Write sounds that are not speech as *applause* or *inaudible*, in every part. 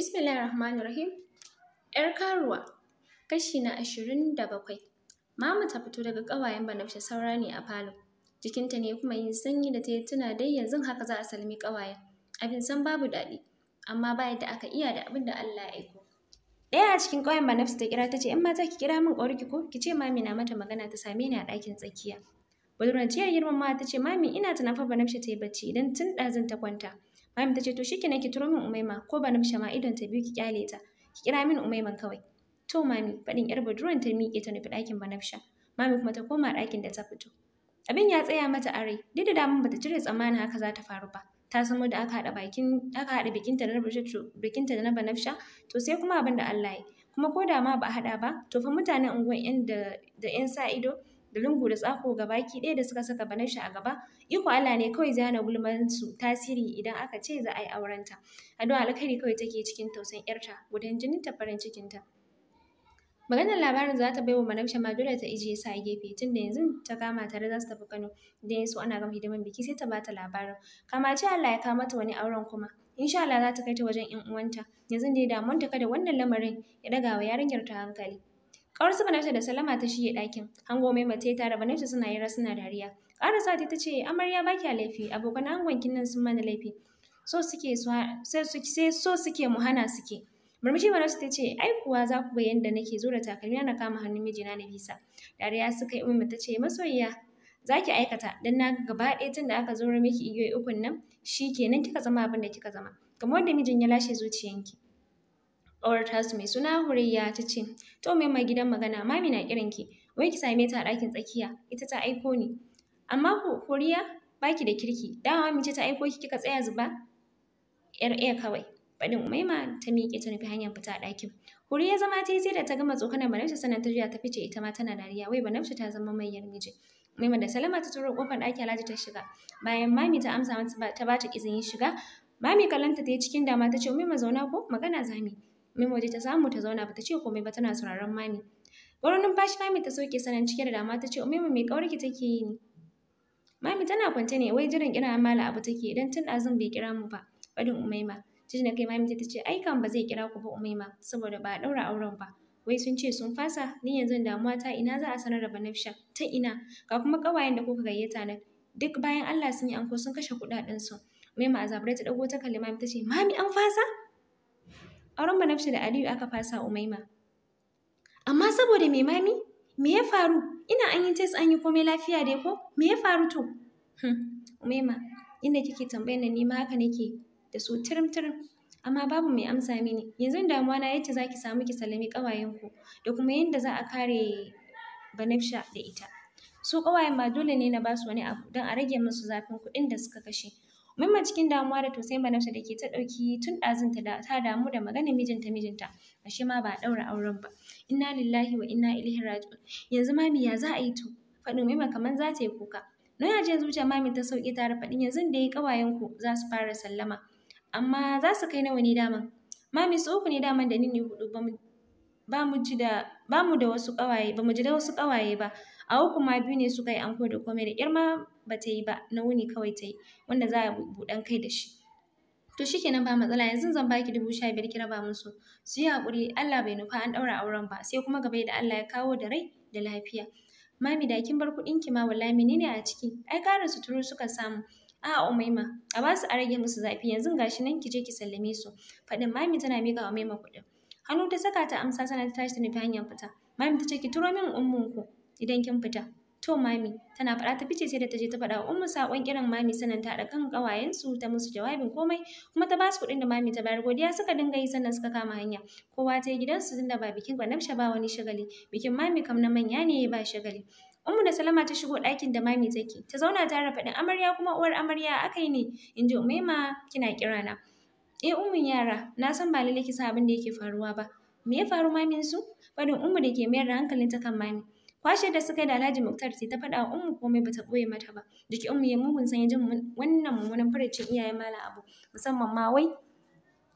Bismillahir Rahmanir Rahim. ‘Yar karuwa, kashi na ashirin da bakwai. Mama ta fito daga ƙawayen Banabsha saura ne a falo. Jikinta ne kuma yin sanyi da ta yi tuna dai yanzu haka za a salmi ƙawayen. Abin san babu daɗi, amma ba yadda aka iya da abin da Allah ya aiko. Ɗaya a cikin ƙauyen Banabsha ta kira ta ce, ‘Yan mata ki kira min ƙwarki ko ki ce mami na mata magana ta same ni a ɗakin tsakiya. Budurantiyar girmamawa ta ce, mami ina tunafa Banabsha ta yi bacci idan tun ɗazun ta kwanta. mami ta ce to shikenan ki turo min Umaima ko ba nafsha ma idon ta biyu ki kyale ta. Ki kira min Umaiman kawai. To mami faɗin yar budurwar ta miƙe ta nufi ɗakin banafsha. Mami kuma ta koma ɗakin da ta fito. Abin ya tsaya mata are rai, duk da daman bata cire tsammanin haka za ta faru ba. Ta san da aka haɗa bakin aka haɗa bikinta da na bikinta da na banafsha, to sai kuma abin da Allah ya yi. Kuma ko da ma ba a haɗa ba, to fa mutanen unguwan da 'yan sa ido da lungu da tsako gabaki ɗaya da suka saka Banasha a gaba iko Allah ne kawai zana hana gulman su tasiri idan aka ce za a yi aurenta addu'a alkhairi kawai take cikin tausan yarta gudan jinin ta farin cikin ta maganar labarin za ta baiwa Manamsha ma dole ta ijiye sa gefe tun da yanzu ta kama tare za su tafi Kano idan su ana gama hidiman biki sai ta bata labarin kama ce Allah ya kawo mata wani auren kuma insha Allah za ta kai ta wajen 'yan uwanta yanzu dai ta kada wannan lamarin ya daga wa yarinyar ta hankali Ƙawarsu Banafsha da Salama ta shige ɗakin. Hango mai mace ta da Banafsha suna yi suna dariya. Ƙara sati ta ce, Amarya ba kya laifi, abokan angonkin nan sun mana laifi. So suke sai so suke mu hana suke. Murmushi Banafsha ta ce, ai kuwa za ku ga yadda nake zo da takalmi na kama hannun mijina na bisa. Dariya suka yi umma ta ce, masoyiya za ki aikata Dan na gaba ɗaya tun da aka zo miki igiyoyi ukun nan shi kenan kika zama abin da kika zama. Kamar wanda mijin ya lashe zuciyanki. ƙawar tasu mai suna Hurayya ta ce, To mai mai gidan magana, mami na kiran ki, wai ki same ta a ɗakin tsakiya, ita ta aiko ni. Amma Hurayya baki da kirki, dama mami ce ta aiko ki kika tsaya zuba? ‘Yar ɗaya kawai. Faɗin Umaima ta miƙe ta nufi hanyar fita a ɗakin. Hurayya zama ta yi sai da ta gama tsokanar Banabta sannan ta juya ta fice ita ma tana dariya, wai Banabta ta zama mayyar miji. Umaima da Salama ta turo ƙofar ɗaki Alhaji ta shiga. Bayan mami ta amsa mata ta ba ta izinin shiga, mami kallanta ta yi cikin dama ta ce Umaima zauna ko magana zami. Memo ta samu ta zauna ba. ta ce komai ba tana sauraron mami. Gwaron numfashi mami ta soke sanan cike da dama ta ce Umemu me kaurki take yi ne? Mami tana kwance ne wai jiran kira mala abu take idan tun ɗazun bai kira mu ba. Fadin Umaima. Jiji na kai mami ta ce ai kan ba zai kira ku ba Umaima saboda ba a ɗaura auren ba. Wai sun ce sun fasa ni yanzu damuwa ta ina za a sanar da Banafsha ta ina ga kuma kawayen da kuka gayyata nan duk bayan Allah sun yi anko sun kashe kuɗaɗen su. Umaima a zabure ta ɗago ta kalli mami ta ce mami an fasa auren Banabsha da Aliyu aka fasa Umaima. Amma saboda me mami? Me ya faru? Ina an yi test an yi komai lafiya dai ko? Me ya faru to? Hmm, Umaima, inda kike tambayar ni ma haka ke. da su tirim tirim. Amma babu mai amsa mini. Yanzu damuwa na yadda zaki samu ki salami ƙawayenku da kuma yadda za a kare banafsha da ita. Su ƙawayen ba dole ne na basu wani abu don a rage musu zafin kuɗin da suka kashe. Mimma cikin damuwa da tausayin banausa da ke ta ɗauki tun da ta damu da maganar mijinta mijinta. Ashe ma ba a ɗaura auren ba. Inna lillahi wa inna ilaihi raji'un. Yanzu mami ya za a yi to? Faɗin Mimma kamar za ta yi kuka. ya ji zuciya mami ta sauƙi tare faɗin yanzu da yi ƙawayenku za su fara sallama. Amma za su kai nawa ne daman? Mami su uku ne daman da ni ne huɗu ba mu ji da da wasu ƙawaye ba mu ji da wasu ƙawaye ba awo kuma biyu ne suka yi anko da komai da irma ba ta yi ba na wuni kawai ta yi wanda za a buɗan kai da shi to shi nan ba matsala yanzu zan baki dubu sha biyar ki raba musu su yi haƙuri Allah bai nufa an ɗaura auren ba sai kuma gaba da Allah ya kawo da rai da lafiya mami da kin bar kuɗin ki ma wallahi menene a ciki ai su turu, suka samu a umaima a ba su a rage musu zafi yanzu gashi nan ki je ki sallame su faɗin mami tana miƙa umaima kuɗin hannu ta saka ta amsa sana ta tashi ta nufi hanyar fita mami ta ce ki turo min ummunku idan kin fita. To mami, tana faɗa ta fice sai da ta je ta faɗa wa ummu saƙon kiran mami sanan ta kan kan su ta musu jawabin komai kuma ta basu kuɗin da mami ta bayar godiya suka dinga yi sannan suka kama hanya. Kowa ta yi gidansu tunda ba bikin gwanamsha ba wani shagali, bikin mami kam na manya ne ba shagali. Ummu da Salama ta shigo ɗakin da mami take, ta zauna tare faɗin amarya kuma uwar amarya aka yi ne, in ji Umaima kina kira na. Eh ummun yara, na san ba lalle ki san abin da yake faruwa ba. Me ya faru mamin su? Faɗin Ummu da ke mayar da hankalinta kan mami. Kwashe da suka yi da Alhaji Muktar ta faɗa wa Ummu komai bata ɓoye mata ba. Jiki Ummu ya mugun sanya jin wannan mummunan furucin iyaye Malam Abu musamman ma wai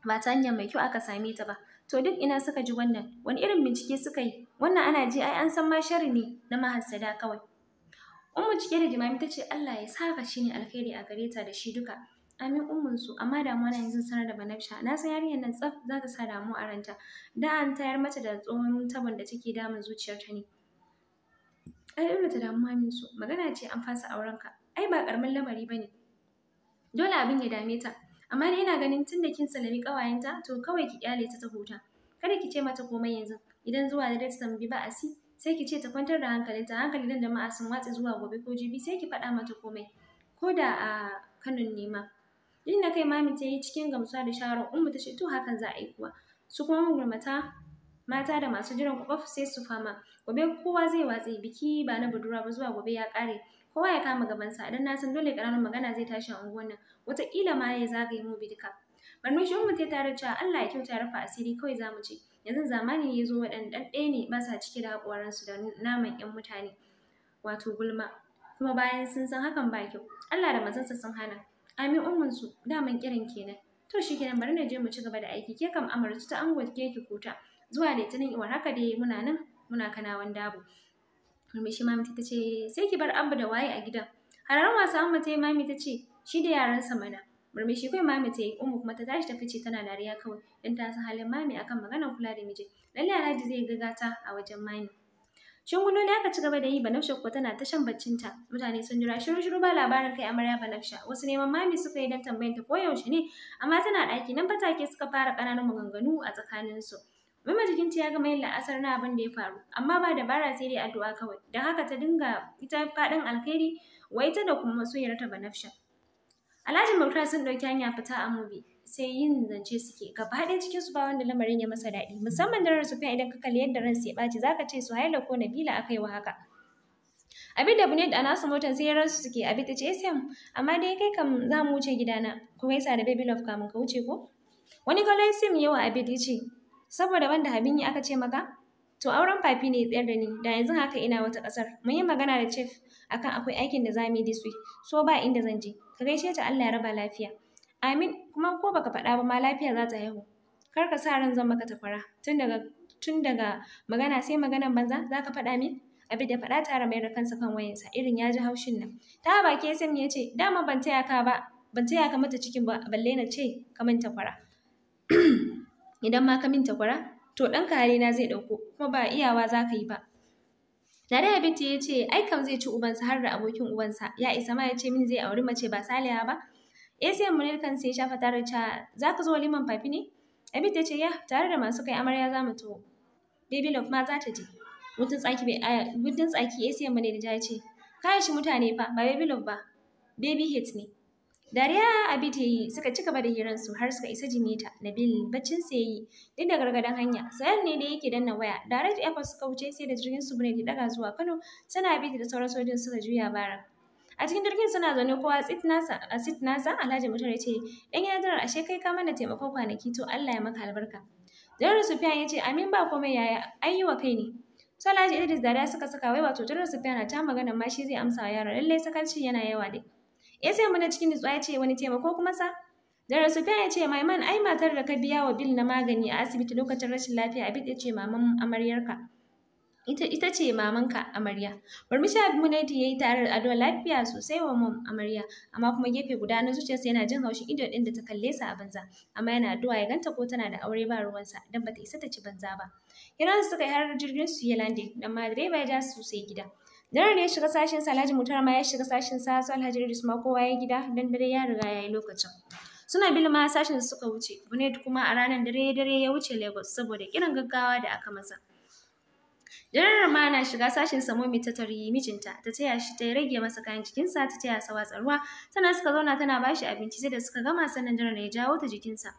ba ta hanya mai kyau aka same ta ba. To duk ina suka ji wannan wani irin bincike suka yi wannan ana ji ai an san ma shari ne na mahassada kawai. Ummu cike da jimami ta ce Allah ya saka shi ne alkhairi a gare ta da shi duka. Amin ummun su amma damuwa na yanzu sanar da Banafsha na san yarinyar nan tsaf za ta sa damuwa a ranta. Da an tayar mata da tsohon tabon da take damun zuciyarta ne. ai dole ta damu mamin su magana ce an fasa auren ka ai ba karamin lamari bane dole abin ya dame ta amma ni ina ganin tunda kin salami kawayenta to kawai ki kyale ta ta huta kada ki ce mata komai yanzu idan zuwa da ta tambi ba asi sai ki ce ta kwantar da hankalinta hankali dan jama'a sun watsa zuwa gobe ko jibi sai ki faɗa mata komai ko da a kanun nema Yin na kai mami ta yi cikin gamsuwa da shawarar umma ta ce to hakan za a yi kuwa su kuma magulmata mata da masu jiran kwakwaf sai su fama gobe kowa zai watse biki ba na budurwa ba zuwa gobe ya kare kowa ya kama gabansa don na san dole ƙaramin magana zai tashi a unguwan nan wataƙila ma ya zagaye mu bidika barmishi ummu ta tare cewa Allah ya kyauta rufa asiri kawai za mu ce yanzu zamani ne ya zo waɗanda ɗaya ne ba sa cike da haƙoransu da naman 'yan mutane wato gulma kuma bayan sun san hakan ba kyau Allah da mazansa sun hana amin ummansu daman kiran kenan to kenan bari na je mu ci gaba da aiki ke kam amarci ta ango ke ki kuta zuwa litinin iwar haka dai muna nan muna kanawan dabo murmushi mami ta ce sai ki bar Abu da waye a gidan hararin wasa amma ta yi mami ta ce shi da yaran sa mana murmushi kai mami ta yi umu kuma ta tashi ta fice tana dariya kawai dan ta san halin mami akan maganar kula da miji lalle alhaji zai ga gata a wajen mami Shungulu da aka ci gaba da yi ba Banafsha kuwa tana ta shan baccinta. Mutane sun jira shiru shiru ba labarin kai amarya Banafsha. Wasu neman mami suka yi don tambayin ta ko yaushe ne, amma tana ɗaki nan fatake suka fara ƙananan maganganu a tsakaninsu. Mama jikinta ya gama yin la'asar na abin da ya faru, amma ba dabara sai dai addu'a kawai. da haka ta dinga ita faɗin alkhairi, wai ta da kuma ba Banafsha. Alhaji Muktar sun ɗauki hanya fita a mubi, sai yin zance suke. Gaba ɗaya cikin su ba wanda lamarin ya masa daɗi, musamman da ran Sufiya idan ka kalli yadda ran sai ɓaci, zaka ce su haila ko na Nabila a wa haka. Abin da Bunet a nasu motar sai a rasu suke, abin ta ce eh, Sam, amma dai kai kam za mu wuce gidana, kuma yasa da Baby Love kamun ka wuce ko? Wani kwallon Sim yawa abin ya ce, saboda wanda abin yi aka ce maka to auren fafi ne tsayar da ni da yanzu haka ina wata kasar mun yi magana da chief akan akwai aikin da zamu yi this week so ba inda zan je ka gaishe ta Allah ya raba lafiya amin kuma ko baka faɗa ba ma lafiya za ta haihu kar ka sa ran zan maka tafara tun daga tun daga magana sai maganan banza za ka faɗa min abin da faɗa tare mai da kansa kan wayansa irin ya ji haushin nan ta baki sai ya ce dama ban taya ka ba ban taya ka mata cikin ba balle na ce ka manta fara *clears throat* idan ma ka minta takwara to ɗan kare na zai ɗauko kuma ba iyawa za ka yi ba Nare Abinci ya ce ai kam zai ci ubansa har da abokin ubansa ya isa ma ya ce min zai auri mace ba saliya ba ACM Munir kan sai shafa tare ta za ka zo liman fafi ne Abinci ya ce ya tare da masu kai amarya za mu to Baby Love ma za ta je Mutun tsaki ACM Munir ya ce shi mutane fa ba Baby Love ba Baby Hate ne Dariya abi ta yi suka ci gaba da su har suka isa Jimeta Nabil baccin sa yayi duk da gargadan hanya sayan ne da yake danna waya direct airport suka wuce sai da jirgin su ne daga zuwa Kano sana abi da sauran sojin suka juya bara a cikin jirgin suna zaune kowa a sit nasa Alhaji Mutar ya ce 'yan yana jiran ashe kai ka mana taimakon kwanaki to Allah ya maka albarka Jarar Sufiyan ya ce amin ba komai yaya an yi wa kai ne Salaji Idris dariya suka saka wai wato Jarar Sufiyan ta magana ma shi zai amsa wa yaro lallai sakalci yana yawa dai Ya sai mana cikin nutsuwa ya ce wani taimako kuma sa? Dara Sufiya ya ce Maiman ai matar da ka biya wa bil na magani a asibiti lokacin rashin lafiya Abin ya ce maman amaryarka. Ita, ita ce mamanka amarya. Murmushi Abdulmunadi ya yi tare da addu'a lafiya sosai wa mom amarya, amma kuma gefe guda na zuciyarsa yana jin haushin ido ɗin da ta kalle sa a banza, amma yana addu'a ya ganta ko tana da aure ba ruwansa don bata isa ta ci banza ba. Kiransu suka yi har jirgin su ya lande, amma direba ya ja su sai gida. Dare ne ya shiga sashen sa Alhaji Mutar ma ya shiga sashen sa su Alhaji Idris ma kowa ya gida dan dare ya riga ya yi lokacin. Suna bil ma su suka wuce. Bunet kuma a ranar dare dare ya wuce Lagos saboda kiran gaggawa da aka masa. Dare ma na shiga sashen sa Momi ta tarihi mijinta ta taya shi ta rage masa kayan sa ta taya sa watsa ruwa tana suka zauna tana bashi abinci sai da suka gama sannan daren ya jawo ta jikin sa.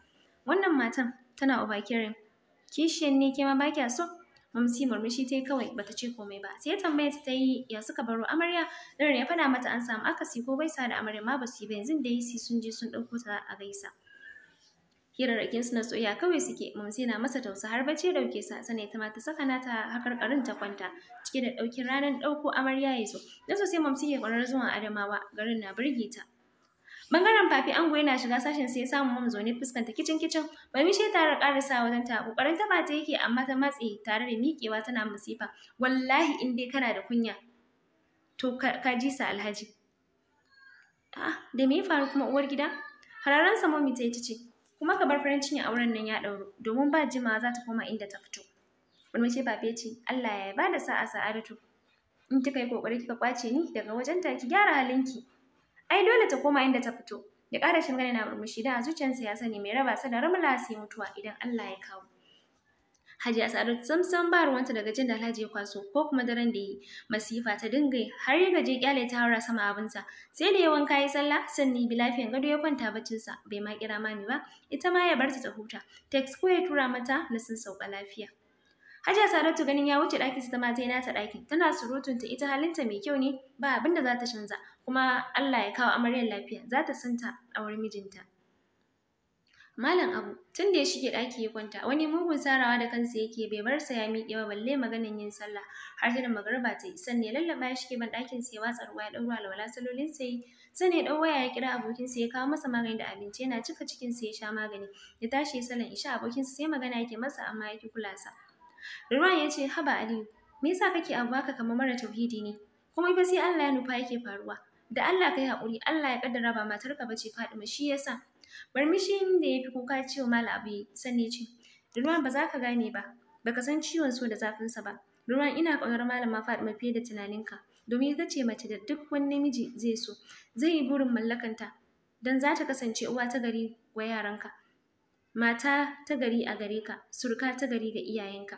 Wannan matan tana overcaring. Kishiyan ne ke ma ba kya so? Mamsi murmushi ta yi kawai bata ce komai ba. Sai ya tambaya ta yi ya suka baro amarya. Lauren ya faɗa mata an samu akasi ko gaisa da amarya ma ba su yi ba yanzu da yi sun je sun ɗauko ta a gaisa. Hirarrakin na tsoya kawai suke Mamsi na masa tausa har ce dauke sa sane ta ma ta saka nata hakarkarin ta kwanta cike da ɗaukin ranar ɗauko amarya ya zo. Na sosai Mamsi ke kwarar zuwa Adamawa garin na birge ta. Bangaren fafi ango yana shiga sashen sai ya samu mam zaune fuskanta kicin kicin. Barmishi tare karisa wajen ta kokarin ta bata yake amma ta matse tare da miƙewa tana musifa. Wallahi in dai kana da kunya to ka ji sa Alhaji. Ah, da me ya faru kuma uwar gida? Hararan sa mami tayi tace ce kuma ka bar farin cikin auren nan ya ɗauro domin ba jimawa za ta koma inda ta fito. Barmishi Fafi ce Allah ya ba da sa'a sa'adatu. In kika yi kokari kika kwace ni daga wajen ta ki gyara halinki. Ai dole ta koma inda ta fito. Ya ƙara shi magana na murmushi da a zuciyarsa ya sani mai raba sa da ramla sai mutuwa idan Allah ya kawo. Hajiya Asadu samsam ba ruwanta daga jin da Alhaji ya kwaso ko kuma daren da yi masifa ta dinga har ya gaje kyale ta haura sama sa, sai da yawan wanka ya sallah sannan bi lafiyan gado ya kwanta baccin sa bai ma kira mami ba ita ma ya barta ta huta text ko ya tura mata na sun sauka lafiya Hajiya Sa'adatu ganin ya wuce ɗakin ta ma nata ɗakin tana surutunta ita halinta mai kyau ne ba abin da za ta canza kuma Allah ya kawo amaryar lafiya za ta santa wurin mijinta Malam Abu tun da ya shige ɗaki ya kwanta wani mugun sarawa da kansa yake bai bar sa ya miƙe ba balle maganin yin sallah har sai da magariba ta yi sannan ya lallaba ya shige ban ɗakin sa ya watsa ruwa ya ɗaura alwala salolin sa yi sannan ya ɗan waya ya kira abokin sa ya kawo masa magani da abinci yana cika cikin sa ya sha magani ya tashi ya sallan isha abokin sa sai magana yake masa amma yake kula sa Ruwan ya ce haba Aliyu me yasa kake abu haka kamar mara tauhidi ne kuma fa sai Allah ya nufa yake faruwa da Allah kai haƙuri Allah ya ƙaddara ba ka bace Fatima shi yasa barmishin da ya fi kuka cewa Malam Abu sani ce Ruwan ba za ka gane ba baka san ciwon so da zafin sa ba Ruwan ina ƙaunar malama Fatima fiye da tunaninka domin ita ce mace da duk wani namiji zai so zai yi burin mallakanta dan za ta kasance uwa ta gari wa yaranka mata ta gari a gare ka surka ta gari ga iyayenka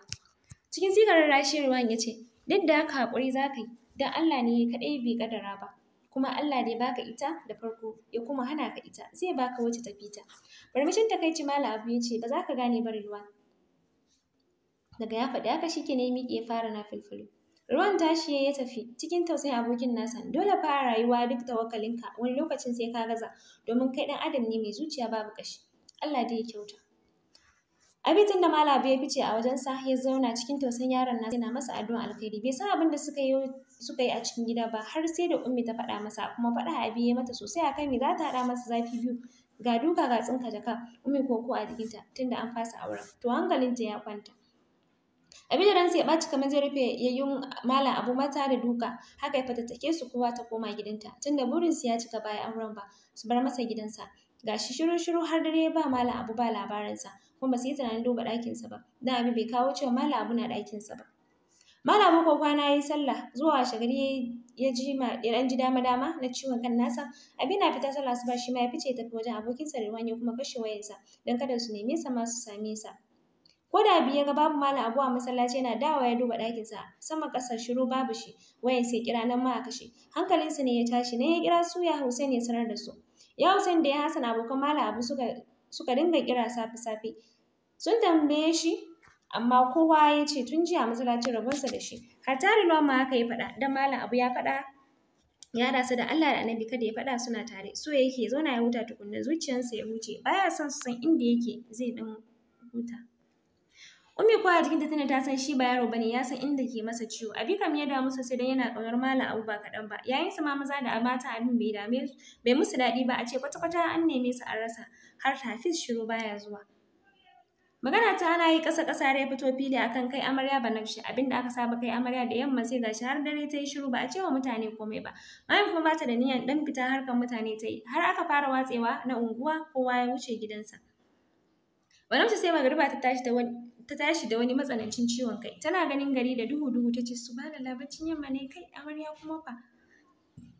cikin sigarar rashin ruwan ya ce duk da haka haƙuri za ka yi don Allah ne kaɗai bai ƙadara ba kuma Allah da ya baka ita da farko ya kuma hana ka ita zai baka wacce ta fita barmishin takaici malam abu ya ce ba za ka gane ba ruwa daga ya faɗi haka shike ne miƙe ya fara na filfilo ruwan tashi ya tafi cikin tausayin abokin nasa dole fa rayuwa duk tawakkalinka wani lokacin sai ka gaza domin kai ɗan adam ne mai zuciya babu kashi Allah dai ya kyauta abitin da abu ya fice a wajen sa ya zauna cikin tausayin yaron nasa yana masa addu'an alkhairi bai san abin da suka yi suka yi a cikin gida ba har sai da ummi ta faɗa masa kuma faɗa a biye mata sosai a kai za ta haɗa masa zafi biyu ga duka ga tsinka jaka ummi ko ko a jikinta tunda an fasa auren to hankalinta ya kwanta abin da ransa ya ɓaci kamar zai rufe yayyun malam abu mata da duka haka ya fatattake su kowa ta koma gidanta tunda burin su ya cika baya auren ba su bar masa gidansa shi shiru-shiru har dare ba malam abu ba labarinsa kuma ba su yi tunanin duba ɗakinsa ba dan abi bai kawo cewa malam abu na ɗakinsa ba malam bakon kwana yayi sallah zuwa washe gari ya ji ma ya dan ji dama dama na ciwon kan nasa abin na fita sallah asuba shi ma ya fice tafi wajen abokinsa Rilwan ya kuma kashe sa dan kada su nemi sa ma su same sa ko da ya ga babu malam abu a masallaci yana dawa ya duba ɗakinsa sama ƙasar shiru babu shi wayan sai kira nan ma a kashe hankalinsu ne ya tashi ne ya kira su ya Hussein ya sanar da su ya Hussein da ya Hassan abokan malam abu suka suka dinga kira safe safe sun tambaye shi amma kowa ya ce tun jiya masallaci rabonsa da shi tare riluwan ma haka ya faɗa dan malam abu ya faɗa ya da su da Allah da annabi kada ya faɗa suna tare so yake ya zauna ya huta tukunna zuciyarsa ya huce baya son su san inda yake zai ɗan huta Ummi ko a jikinta tana ta san shi ba yaro bane ya san inda ke masa ciwo. Abi kam ya damu sosai dan yana kaunar malam Abu ba kaɗan ba. Yayin sa ma maza da mata abin bai dame bai musu dadi ba a ce kwata-kwata an neme su an rasa har tafis shiru baya zuwa. Magana ta ana yi ƙasa ƙasa ya fito fili akan kai amarya banafshi abinda aka saba kai amarya da yamma sai gashi har dare ta yi shiru ba a cewa mutane komai ba. Mayan kuma bata da niyan dan fita harkar mutane ta yi har aka fara watsewa na unguwa kowa ya wuce gidansa. Banafshi sai magariba ta tashi da wani ta tashi da wani matsanancin ciwon kai tana ganin gari da duhu duhu ta ce su ba da labarcin yamma ne kai amarya kuma fa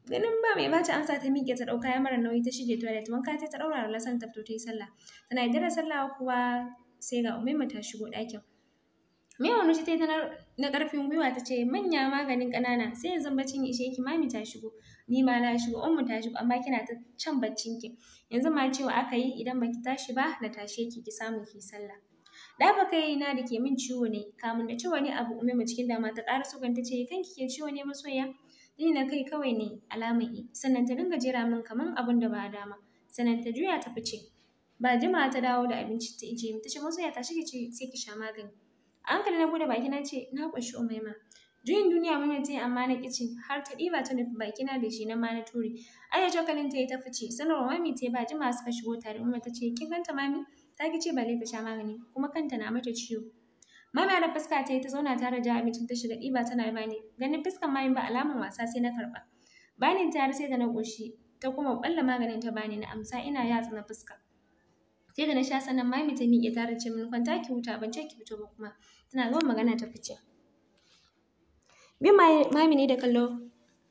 ganin ba mai bata amsa ta miƙe ta ɗauka ya mara nauyi ta shige toilet wanka ta ta ɗaura da lasan ta fito ta yi sallah tana da sallah kuwa sai ga umaima ta shigo ɗakin Mewa ta yi na ƙarfin gwiwa ta ce manya maganin ƙanana sai yanzu baccin ya ishe ki mami ta shigo ni ma na shigo ummu ta shigo amma kina ta can baccin ki yanzu ma cewa aka yi idan baki tashi ba na tashe ki ki samu ki sallah da ba kai na da ke min ciwo ne kamun da ciwo ne abu umme cikin dama ta ƙara sugan ta ce kan ki ke ciwo ne masoya ni na kai kawai ne alaman i sannan ta dinga jera min kaman abun da ba dama sannan ta juya ta fice ba jima ta dawo da abinci ta ije ta tace masoya ta shige ce sai ki sha magani A hankali na bude baki na ce na ƙunshi umaima juyin duniya mun ta yi amma na kici har ta ɗiba ta nufi baki na da shi na ma na ture aya cokalin ta yi ta fice sanarwa mami ta ba jima suka shigo tare umma ta ce kin ganta mami ta ki ce ba ta sha magani kuma kanta na mata ciwo a da fuska ta yi ta zauna tare da abincin ta shiga ɗiba tana bani. Ganin fuskan mami ba alaman wasa sai na karba. Banin ta sai da na goshi ta kuma balla maganin ta bani na amsa ina yatsa na fuska. sai ga na sha sannan mai mutum ya tara ce min kwanta ki huta ban ce ki fito ba kuma tana gama magana ta fice bin mai ne da kallo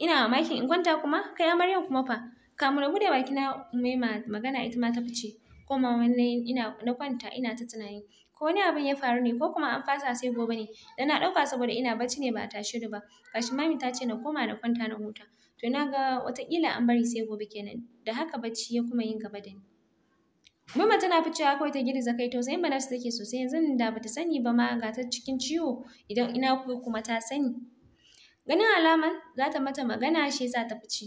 ina mamakin in kwanta kuma kai amaryan kuma fa kamar na da baki na mai magana ita ma ta fice ko ma wannan ina na kwanta ina ta tunani ko wani abin ya faru ne ko kuma an fasa sai gobe ne da na ɗauka saboda ina bacci ne ba a tashi da ba gashi mami ta ce na koma na kwanta na huta to na ga watakila an bari sai gobe kenan da haka bacci ya kuma yin gaba da ni Mama tana ficewa kawai ta girza kai tausayin Banas take sosai yanzu da bata sani ba ma ga ta cikin ciwo idan ina kuma ta sani. Ganin alaman za ta mata magana shi yasa ta fice.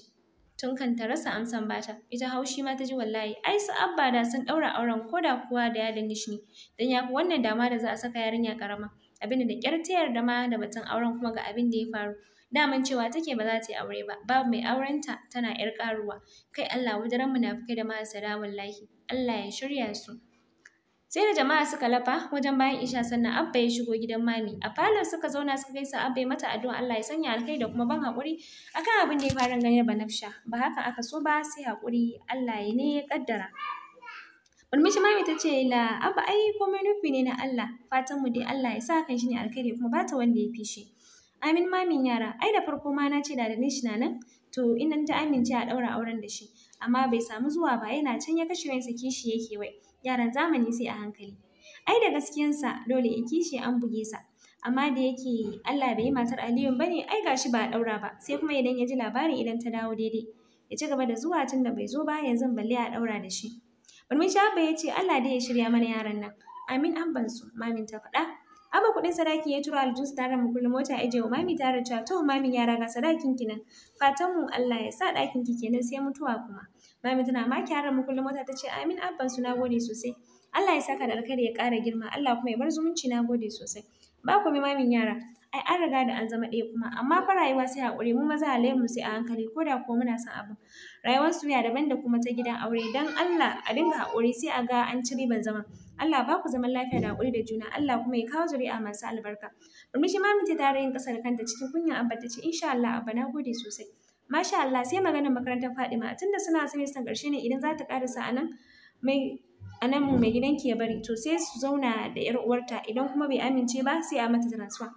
Tun kan ta rasa amsan bata, ita haushi ma ta ji wallahi ai su abba da sun ɗaura auren koda kuwa da yadin nishi ne, don ya fi wannan dama da za a saka yarinya ƙarama. abinda da ƙyar ta yarda ma da batun auren kuma ga abin da ya faru daman cewa take ba za ta yi aure ba babu mai aurenta tana yar karuwa kai Allah wadaran munafukai da masu mahasada wallahi Allah ya shirya su sai da jama'a suka lafa wajen bayan isha sannan abba ya shigo gidan mami a falon suka zauna suka gaisa abba ya mata addu'a Allah ya sanya alkai da kuma ban hakuri akan abin da ya fara ganin banafsha ba haka aka so ba sai hakuri Allah ya ne ya kaddara murmushi mami ta ce la abba ai komai nufi ne na Allah fatan mu dai Allah ya sa kan shi ne alkai kuma ba ta wanda ya fishe Amin mamin yara, ai da farko ma na ce da shi na nan, to ina ta amince a ɗaura auren da shi, amma bai samu zuwa ba yana can ya kashe wayansa kishi yake wai, yaran zamani sai a hankali. Ai da gaskiyansa dole ya kishi an buge sa, amma da yake Allah bai yi matar aliyu ba ne? ai gashi ba a ɗaura ba, sai kuma idan ya ji labarin idan ta dawo daidai. Ya ci gaba da zuwa tun da bai zo ba yanzu balle a ɗaura da shi. sha ba ya ce Allah dai ya shirya mana yaran nan. Amin an bansu, mamin ta faɗa. aba kuɗin sadaki ya tura aljus tare mu kullum mota ya wa mami tare cewa to mami yara ga sadakin ki nan. Fatan mu Allah ya sa ɗakin ki kenan sai mutuwa kuma. Mami tana ma yaran mu kullum mota ce amin abban su nagode sosai. Allah ya saka da alkhairi ya ƙara girma Allah kuma ya bar zumunci nagode sosai. Ba ku mamin yara. ai an riga da an zama ɗaya kuma amma fa rayuwa sai haƙuri mu maza halayyar mu sai a hankali ko da ko muna son abu? rayuwar ya daban da kuma ta gidan aure dan Allah a dinga haƙuri sai a ga an ci riban zaman Allah ba ku zaman lafiya da haƙuri da juna Allah kuma ya kawo zuri'a masu albarka murmushi ma mace ta yin ƙasar kanta cikin kunya abba ta ce insha Allah abba na gode sosai masha Allah sai maganar makarantar Fadima tunda suna semester ƙarshe ne idan za ta ƙarasa a mai a nan mai gidanki ya bari to sai su zauna da 'yar uwarta idan kuma bai amince ba sai a mata transfer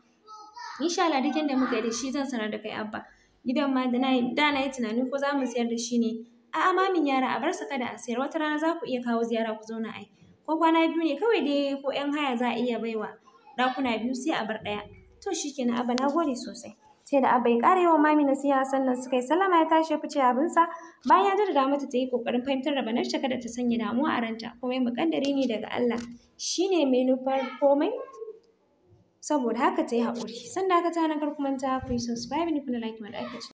insha Allah duk yanda muka yi da shi zan sanar da kai abba gidan ma da na yi tunanin ko za mu sayar da shi ne a'a mamin yara a bar su kada a sayar wata rana za ku iya kawo ziyara ku zauna ai ko kwana biyu ne kawai dai ko yan haya za a iya baiwa ɗakuna biyu sai a bar ɗaya to shikenan abba na gode sosai sai da abba ya ƙara yawan mami siya sannan suka yi sallama ya tashi ya fice abinsa bayan ya jirga mata ta yi ƙoƙarin fahimtar da banarta kada ta sanya damuwa a ranta kuma muƙaddari ne daga Allah shine mai nufar komai saboda haka ta yi haƙuri sannan aka ta na karkumanta ku yi subscribe ni kuna like mai ɗaki